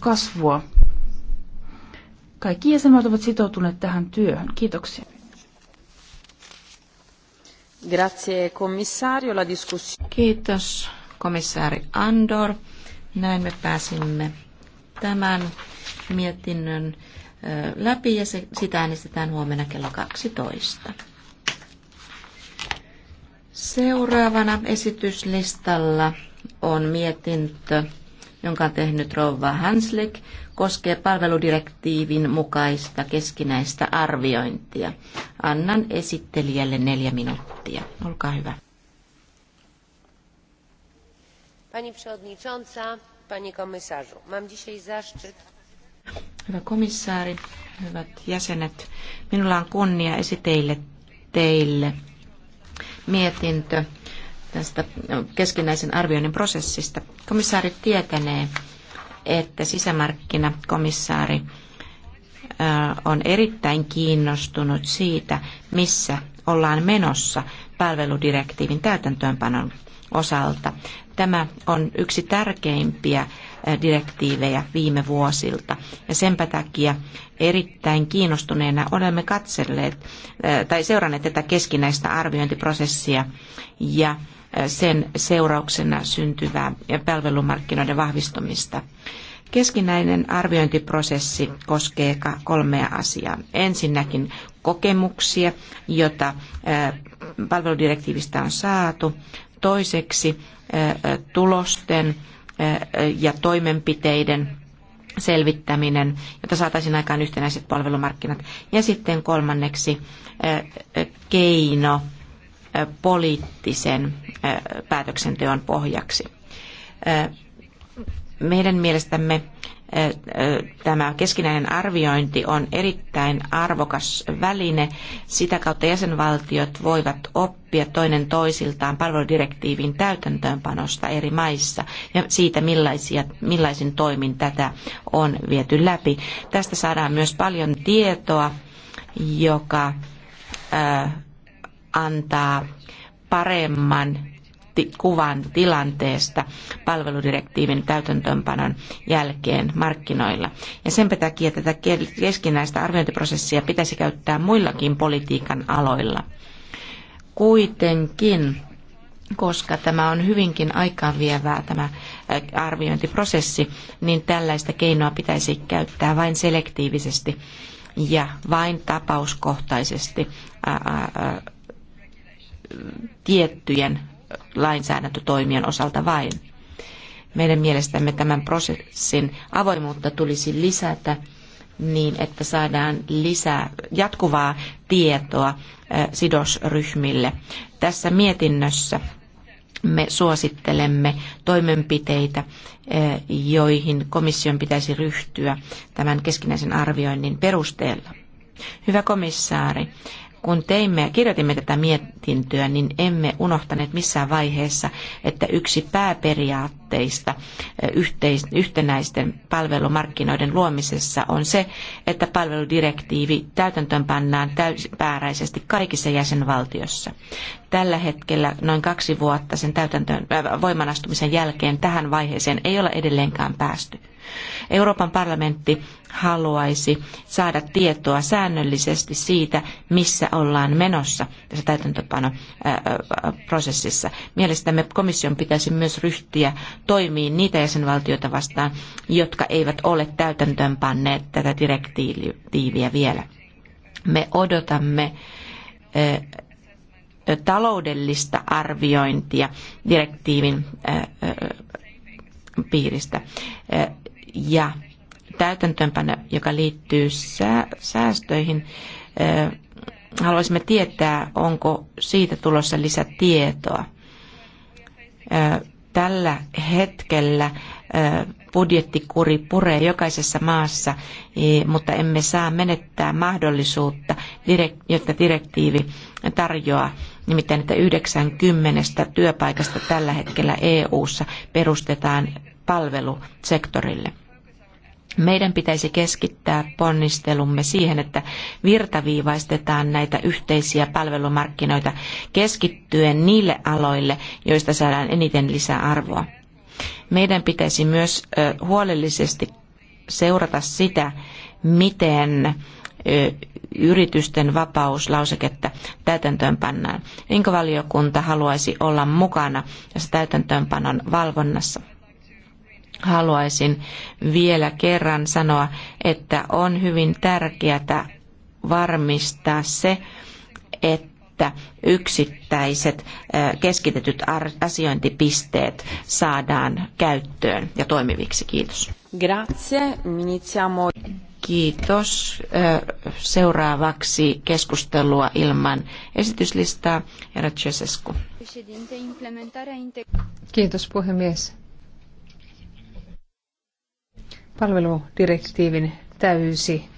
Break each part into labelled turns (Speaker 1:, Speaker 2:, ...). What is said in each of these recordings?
Speaker 1: kasvua Kaikki jäsenmaat ovat sitoutuneet tähän työhön. Kiitoksia. Grazie, Commissario, La
Speaker 2: Kiitos, komissaari Andor. Näin me pääsimme tämän mietinnön läpi ja se, sitä äänestetään huomenna kello 12. Seuraavana esityslistalla on mietintö jonka on tehnyt Rova Hanslik, koskee palveludirektiivin mukaista keskinäistä arviointia. Annan esittelijälle neljä minuuttia. Olkaa hyvä.
Speaker 3: Pani przewodnicząca, pani komisarzu, mam dzisiaj zaszczyt...
Speaker 2: Hyvä komissaari, hyvät jäsenet, minulla on kunnia esiteille teille mietintö tästä keskinäisen arvioinnin prosessista. Komissaari tietenee, että sisämarkkinakomissaari on erittäin kiinnostunut siitä, missä ollaan menossa palveludirektiivin täytäntöönpanon osalta. Tämä on yksi tärkeimpiä direktiivejä viime vuosilta. Ja senpä takia erittäin kiinnostuneena olemme katselleet tai seuranneet tätä keskinäistä arviointiprosessia ja sen seurauksena syntyvää palvelumarkkinoiden vahvistumista. Keskinäinen arviointiprosessi koskee kolmea asiaa. Ensinnäkin kokemuksia, joita palveludirektiivistä on saatu. Toiseksi tulosten ja toimenpiteiden selvittäminen, jotta saataisiin aikaan yhtenäiset palvelumarkkinat. Ja sitten kolmanneksi keino poliittisen päätöksenteon pohjaksi. Meidän mielestämme tämä keskinäinen arviointi on erittäin arvokas väline. Sitä kautta jäsenvaltiot voivat oppia toinen toisiltaan palveludirektiivin täytäntöönpanosta eri maissa ja siitä, millaisia, millaisin toimin tätä on viety läpi. Tästä saadaan myös paljon tietoa, joka antaa paremman kuvan tilanteesta palveludirektiivin täytäntöönpanon jälkeen markkinoilla. Ja sen takia tätä keskinäistä arviointiprosessia pitäisi käyttää muillakin politiikan aloilla. Kuitenkin, koska tämä on hyvinkin aikaanvievää tämä arviointiprosessi, niin tällaista keinoa pitäisi käyttää vain selektiivisesti ja vain tapauskohtaisesti tiettyjen lainsäädäntötoimien osalta vain. Meidän mielestämme tämän prosessin avoimuutta tulisi lisätä niin, että saadaan lisää jatkuvaa tietoa sidosryhmille. Tässä mietinnössä me suosittelemme toimenpiteitä, joihin komission pitäisi ryhtyä tämän keskinäisen arvioinnin perusteella. Hyvä komissaari, kun teimme ja kirjoitimme tätä mietintöä, niin emme unohtaneet missään vaiheessa, että yksi pääperiaatteista yhteis- yhtenäisten palvelumarkkinoiden luomisessa on se, että palveludirektiivi täytäntöön pannaan kaikissa jäsenvaltiossa. Tällä hetkellä noin kaksi vuotta sen täytäntöön, äh, voimanastumisen jälkeen tähän vaiheeseen ei ole edelleenkään päästy. Euroopan parlamentti haluaisi saada tietoa säännöllisesti siitä, missä ollaan menossa tässä täytäntöpanoprosessissa. Mielestämme komission pitäisi myös ryhtyä toimiin niitä jäsenvaltioita vastaan, jotka eivät ole täytäntöönpanneet tätä direktiiviä vielä. Me odotamme taloudellista arviointia direktiivin piiristä ja täytäntöönpano, joka liittyy säästöihin, haluaisimme tietää, onko siitä tulossa lisätietoa. Tällä hetkellä budjettikuri puree jokaisessa maassa, mutta emme saa menettää mahdollisuutta, jotta direktiivi tarjoaa. Nimittäin, että 90 työpaikasta tällä hetkellä EU-ssa perustetaan palvelusektorille. Meidän pitäisi keskittää ponnistelumme siihen, että virtaviivaistetaan näitä yhteisiä palvelumarkkinoita keskittyen niille aloille, joista saadaan eniten lisäarvoa. Meidän pitäisi myös huolellisesti seurata sitä, miten yritysten vapauslauseketta täytäntöön pannaan. Inkovaliokunta haluaisi olla mukana tässä täytäntöönpanon valvonnassa haluaisin vielä kerran sanoa, että on hyvin tärkeää varmistaa se, että yksittäiset keskitetyt asiointipisteet saadaan käyttöön ja toimiviksi. Kiitos.
Speaker 1: Grazie.
Speaker 2: Iniziamo. Kiitos. Seuraavaksi keskustelua ilman esityslistaa. Herra Cesescu.
Speaker 3: Kiitos puhemies palveludirektiivin täysi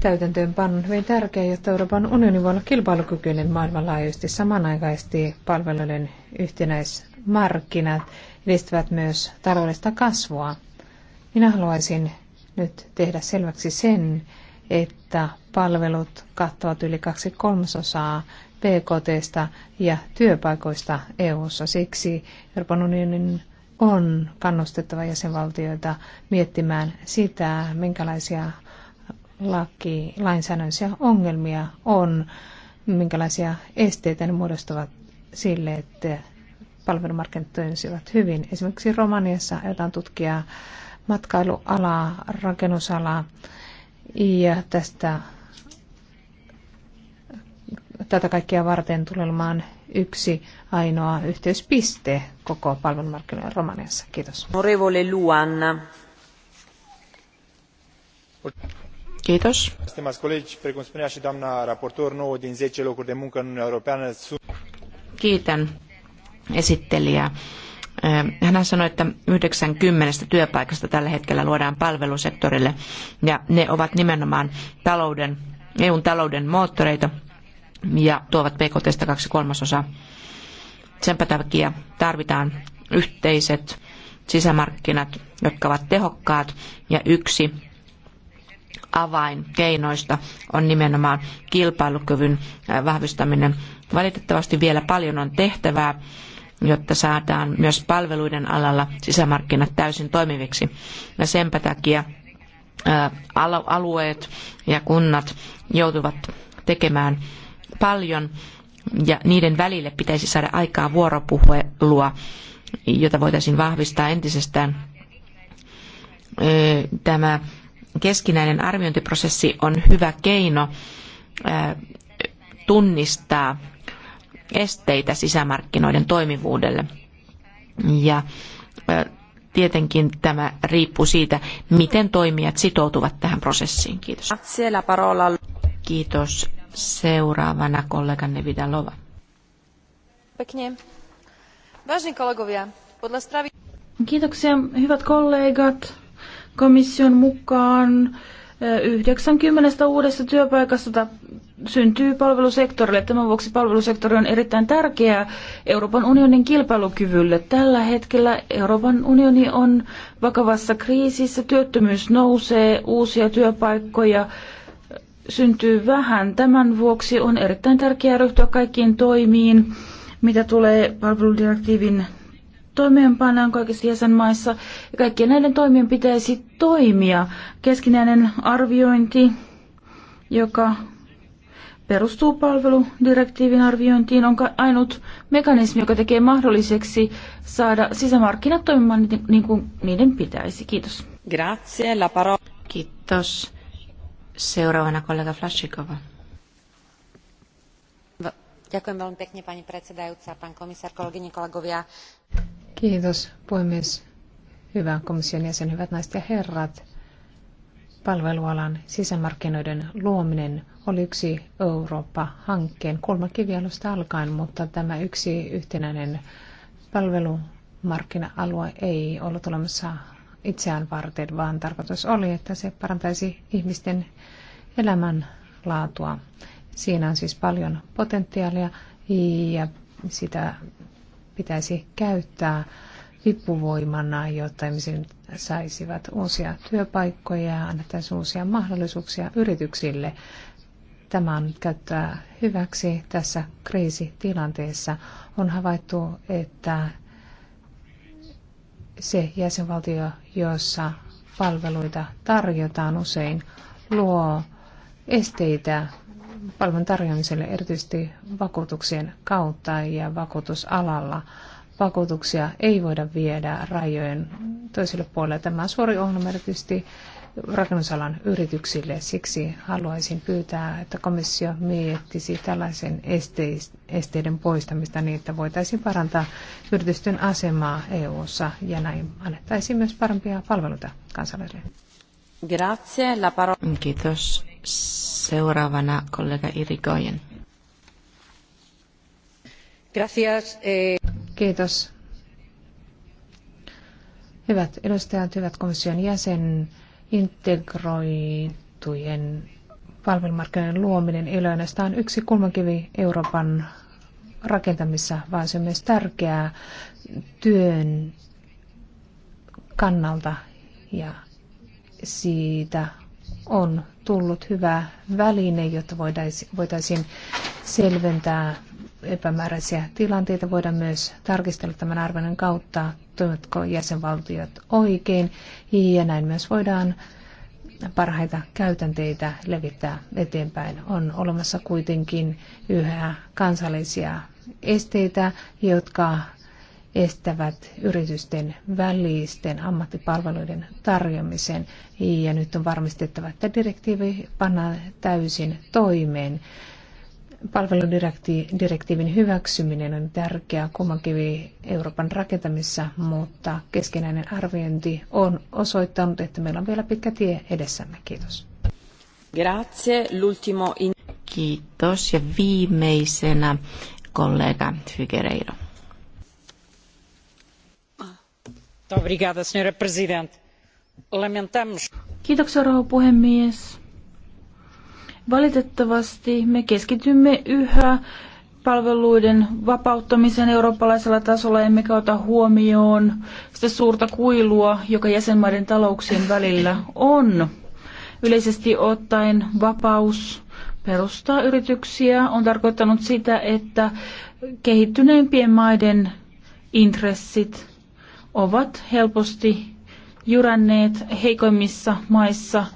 Speaker 3: täytäntöönpanon hyvin tärkeä, jotta Euroopan unioni voi olla kilpailukykyinen maailmanlaajuisesti samanaikaisesti palveluiden yhtenäismarkkinat edistävät myös taloudellista kasvua. Minä haluaisin nyt tehdä selväksi sen, että palvelut kattavat yli kaksi kolmasosaa BKTstä ja työpaikoista EU-ssa. Siksi Euroopan unionin on kannustettava jäsenvaltioita miettimään sitä, minkälaisia laki, lainsäädännöllisiä ongelmia on, minkälaisia esteitä ne muodostavat sille, että palvelumarkkinat toimisivat hyvin. Esimerkiksi Romaniassa aiotaan tutkia matkailualaa, rakennusalaa ja tästä tätä kaikkia varten tulemaan yksi ainoa yhteyspiste koko palvelumarkkinoiden Romaniassa. Kiitos. Norevole Luanna. Kiitos.
Speaker 2: Kiitän esittelijää. Eh, hän sanoi, että 90 työpaikasta tällä hetkellä luodaan palvelusektorille ja ne ovat nimenomaan talouden, EUn talouden moottoreita, ja tuovat BKTstä kaksi kolmasosaa. Senpä takia tarvitaan yhteiset sisämarkkinat, jotka ovat tehokkaat ja yksi avain keinoista on nimenomaan kilpailukyvyn äh, vahvistaminen. Valitettavasti vielä paljon on tehtävää, jotta saadaan myös palveluiden alalla sisämarkkinat täysin toimiviksi. Ja senpä takia äh, alueet ja kunnat joutuvat tekemään paljon ja niiden välille pitäisi saada aikaa vuoropuhelua, jota voitaisiin vahvistaa entisestään. Tämä keskinäinen arviointiprosessi on hyvä keino tunnistaa esteitä sisämarkkinoiden toimivuudelle. Ja tietenkin tämä riippuu siitä, miten toimijat sitoutuvat tähän prosessiin. Kiitos. Kiitos. Seuraavana kolleganne Vidalova.
Speaker 1: Kiitoksia, hyvät kollegat. Komission mukaan 90 eh, uudesta työpaikasta syntyy palvelusektorille. Tämän vuoksi palvelusektori on erittäin tärkeä Euroopan unionin kilpailukyvylle. Tällä hetkellä Euroopan unioni on vakavassa kriisissä, työttömyys nousee, uusia työpaikkoja syntyy vähän. Tämän vuoksi on erittäin tärkeää ryhtyä kaikkiin toimiin, mitä tulee palveludirektiivin toimeenpanoon kaikissa jäsenmaissa. Ja kaikkien näiden toimien pitäisi toimia. Keskinäinen arviointi, joka perustuu palveludirektiivin arviointiin, on ainut mekanismi, joka tekee mahdolliseksi saada sisämarkkinat toimimaan niin kuin niiden pitäisi. Kiitos.
Speaker 3: Grazie,
Speaker 2: la parola. Kiitos. Seuraavana kollega Flasikova. Ďakujem veľmi pekne, pani predsedajúca, pán komisár, kolegyne, kolegovia.
Speaker 3: Kiitos, puhemies. Hyvä komission jäsen, hyvät naiset ja herrat. Palvelualan sisämarkkinoiden luominen oli yksi Eurooppa-hankkeen kulmakivialusta alkaen, mutta tämä yksi yhtenäinen palvelumarkkina-alue ei ollut olemassa itseään varten, vaan tarkoitus oli, että se parantaisi ihmisten elämänlaatua. Siinä on siis paljon potentiaalia ja sitä pitäisi käyttää vipuvoimana, jotta ihmiset saisivat uusia työpaikkoja ja annettaisiin uusia mahdollisuuksia yrityksille. Tämä on käyttää hyväksi tässä kriisitilanteessa. On havaittu, että se jäsenvaltio, jossa palveluita tarjotaan usein, luo esteitä palvelun tarjoamiselle erityisesti vakuutuksien kautta ja vakuutusalalla. Vakuutuksia ei voida viedä rajojen toiselle puolelle. Tämä on suuri ongelma erityisesti rakennusalan yrityksille. Siksi haluaisin pyytää, että komissio miettisi tällaisen esteiden poistamista niin, että voitaisiin parantaa yritysten asemaa EU-ssa ja näin annettaisiin myös parempia palveluita kansalaisille. Grazie, la
Speaker 2: Kiitos. Seuraavana kollega
Speaker 3: Irigoyen. Eh. Kiitos. Hyvät edustajat, hyvät komission jäsenet integroitujen palvelumarkkinoiden luominen ei ole ainoastaan yksi kulmakivi Euroopan rakentamissa, vaan se on myös tärkeää työn kannalta ja siitä on tullut hyvä väline, jotta voitaisiin selventää epämääräisiä tilanteita voidaan myös tarkistella tämän arvioinnin kautta, toimivatko jäsenvaltiot oikein, ja näin myös voidaan parhaita käytänteitä levittää eteenpäin. On olemassa kuitenkin yhä kansallisia esteitä, jotka estävät yritysten välisten ammattipalveluiden tarjoamisen. Ja nyt on varmistettava, että direktiivi pannaan täysin toimeen. Palveludirektiivin hyväksyminen on tärkeä kummankivi Euroopan rakentamisessa, mutta keskinäinen arviointi on osoittanut, että meillä on vielä pitkä tie edessämme. Kiitos.
Speaker 2: Grazie. L'ultimo in... Kiitos. Ja viimeisenä kollega Figueiredo.
Speaker 1: Obrigada, senhora presidente. Lamentamos. Kiitoksia, rouva puhemies. Valitettavasti me keskitymme yhä palveluiden vapauttamiseen eurooppalaisella tasolla, emmekä ota huomioon sitä suurta kuilua, joka jäsenmaiden talouksien välillä on. Yleisesti ottaen vapaus perustaa yrityksiä on tarkoittanut sitä, että kehittyneimpien maiden intressit ovat helposti jyränneet heikoimmissa maissa –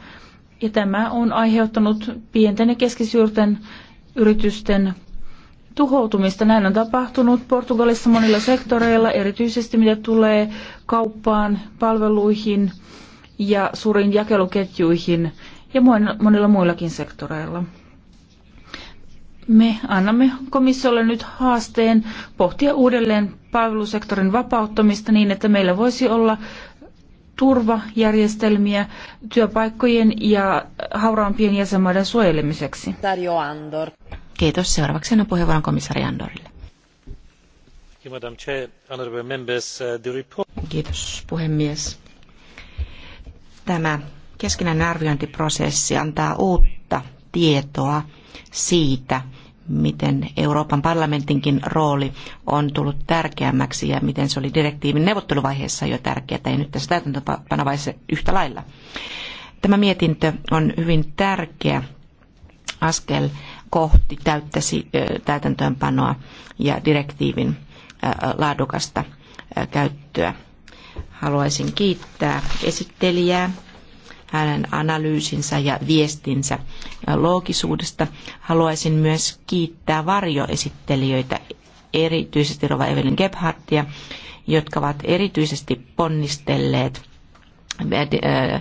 Speaker 1: ja tämä on aiheuttanut pienten ja keskisuurten yritysten tuhoutumista. Näin on tapahtunut Portugalissa monilla sektoreilla, erityisesti mitä tulee kauppaan, palveluihin ja suuriin jakeluketjuihin ja monilla muillakin sektoreilla. Me annamme komissiolle nyt haasteen pohtia uudelleen palvelusektorin vapauttamista niin, että meillä voisi olla turvajärjestelmiä työpaikkojen ja hauraampien jäsenmaiden suojelemiseksi.
Speaker 3: Andor.
Speaker 2: Kiitos. Seuraavaksi annan puheenvuoron komissaari Andorille.
Speaker 3: Uh,
Speaker 2: Kiitos puhemies. Tämä keskinäinen arviointiprosessi antaa uutta tietoa siitä, miten Euroopan parlamentinkin rooli on tullut tärkeämmäksi ja miten se oli direktiivin neuvotteluvaiheessa jo tärkeää ja nyt tässä täytäntöpanovaiheessa yhtä lailla. Tämä mietintö on hyvin tärkeä askel kohti täyttäsi, täytäntöönpanoa ja direktiivin laadukasta käyttöä. Haluaisin kiittää esittelijää hänen analyysinsä ja viestinsä loogisuudesta. Haluaisin myös kiittää varjoesittelijöitä, erityisesti Rova Evelyn Gebhardtia, jotka ovat erityisesti ponnistelleet eh, eh,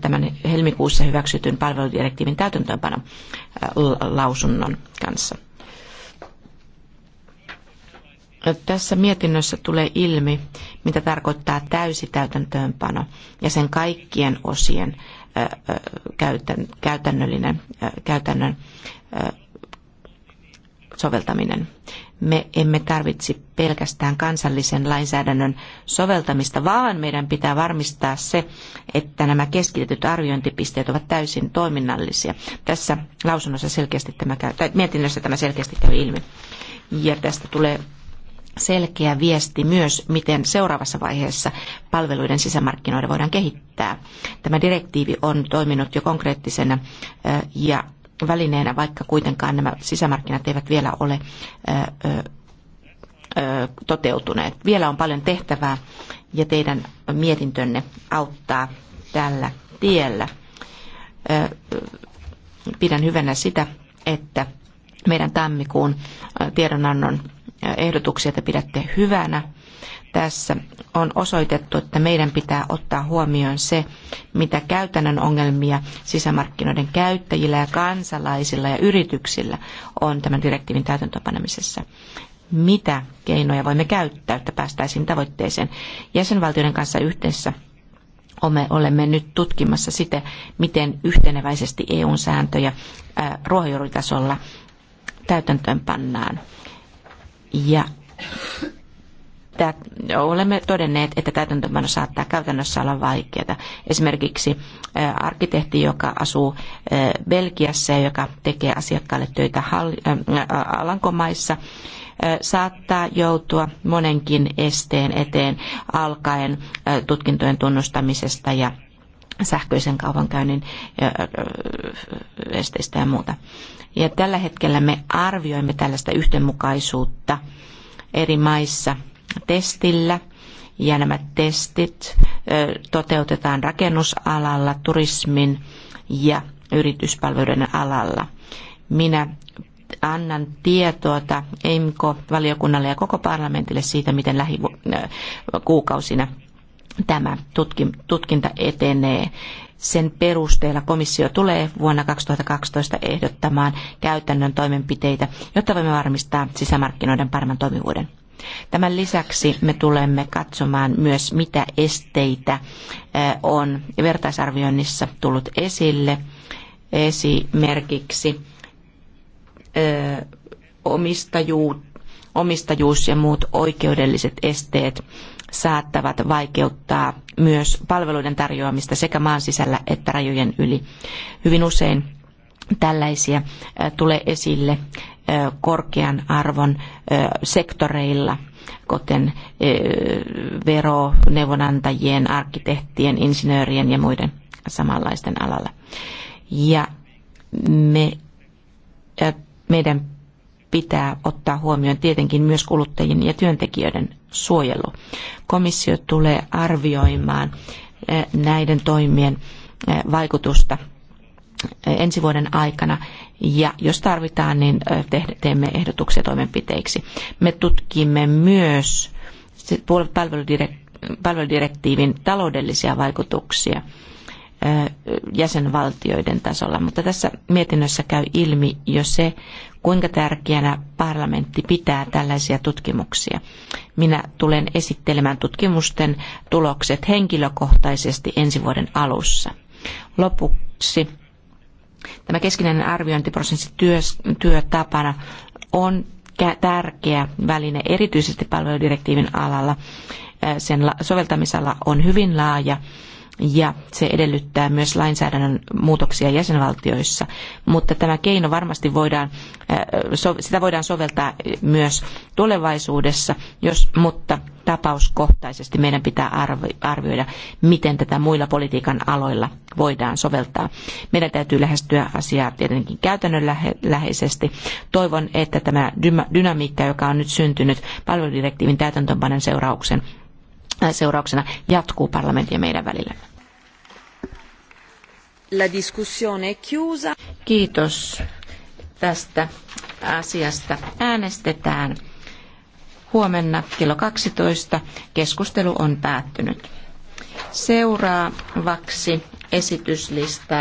Speaker 2: tämän helmikuussa hyväksytyn palveludirektiivin täytäntöönpanon eh, lausunnon kanssa. Tässä mietinnössä tulee ilmi, mitä tarkoittaa täysi täytäntöönpano ja sen kaikkien osien käytännöllinen, käytännön soveltaminen. Me emme tarvitse pelkästään kansallisen lainsäädännön soveltamista, vaan meidän pitää varmistaa se, että nämä keskitetyt arviointipisteet ovat täysin toiminnallisia. Tässä lausunnossa selkeästi tämä käy, tai mietinnössä tämä selkeästi käy ilmi. Ja tästä tulee selkeä viesti myös, miten seuraavassa vaiheessa palveluiden sisämarkkinoita voidaan kehittää. Tämä direktiivi on toiminut jo konkreettisena ja välineenä, vaikka kuitenkaan nämä sisämarkkinat eivät vielä ole toteutuneet. Vielä on paljon tehtävää ja teidän mietintönne auttaa tällä tiellä. Pidän hyvänä sitä, että meidän tammikuun tiedonannon ehdotuksia, joita pidätte hyvänä tässä on osoitettu, että meidän pitää ottaa huomioon se, mitä käytännön ongelmia sisämarkkinoiden käyttäjillä ja kansalaisilla ja yrityksillä on tämän direktiivin täytäntöönpanemisessa. Mitä keinoja voimme käyttää, että päästäisiin tavoitteeseen? Jäsenvaltioiden kanssa yhdessä olemme nyt tutkimassa sitä, miten yhteneväisesti EUn sääntöjä ruohonjuuritasolla täytäntöön pannaan ja olemme todenneet, että täytäntöönpano saattaa käytännössä olla vaikeaa. Esimerkiksi arkkitehti, joka asuu Belgiassa ja joka tekee asiakkaille töitä Alankomaissa, saattaa joutua monenkin esteen eteen alkaen tutkintojen tunnustamisesta ja sähköisen kaupankäynnin esteistä ja muuta. Ja tällä hetkellä me arvioimme tällaista yhdenmukaisuutta eri maissa testillä – ja nämä testit toteutetaan rakennusalalla, turismin ja yrityspalveluiden alalla. Minä annan tietoa EIMKO-valiokunnalle ja koko parlamentille siitä, miten lähikuukausina tämä tutkinta etenee. Sen perusteella komissio tulee vuonna 2012 ehdottamaan käytännön toimenpiteitä, jotta voimme varmistaa sisämarkkinoiden paremman toimivuuden. Tämän lisäksi me tulemme katsomaan myös, mitä esteitä on vertaisarvioinnissa tullut esille. Esimerkiksi omistajuus ja muut oikeudelliset esteet saattavat vaikeuttaa myös palveluiden tarjoamista sekä maan sisällä että rajojen yli. Hyvin usein tällaisia äh, tulee esille äh, korkean arvon äh, sektoreilla, kuten vero, neuvonantajien, arkkitehtien, insinöörien ja muiden samanlaisten alalla. Ja me, meidän pitää ottaa huomioon tietenkin myös kuluttajien ja työntekijöiden suojelu. Komissio tulee arvioimaan eh, näiden toimien eh, vaikutusta eh, ensi vuoden aikana ja jos tarvitaan, niin teemme ehdotuksia toimenpiteiksi. Me tutkimme myös palveludirektiivin taloudellisia vaikutuksia jäsenvaltioiden tasolla. Mutta tässä mietinnössä käy ilmi jo se, kuinka tärkeänä parlamentti pitää tällaisia tutkimuksia. Minä tulen esittelemään tutkimusten tulokset henkilökohtaisesti ensi vuoden alussa. Lopuksi tämä keskinäinen arviointiprosessi työtapana on tärkeä väline erityisesti palveludirektiivin alalla. Sen soveltamisala on hyvin laaja ja se edellyttää myös lainsäädännön muutoksia jäsenvaltioissa. Mutta tämä keino varmasti voidaan, äh, sitä voidaan soveltaa myös tulevaisuudessa, jos, mutta tapauskohtaisesti meidän pitää arvioida, miten tätä muilla politiikan aloilla voidaan soveltaa. Meidän täytyy lähestyä asiaa tietenkin käytännönläheisesti. Toivon, että tämä dynamiikka, joka on nyt syntynyt palveludirektiivin täytäntöönpanon seurauksen, äh, seurauksena, jatkuu parlamentin ja meidän välillämme. La discussione è chiusa. Kiitos tästä asiasta. Äänestetään huomenna kello 12. Keskustelu on päättynyt. Seuraavaksi esityslistaa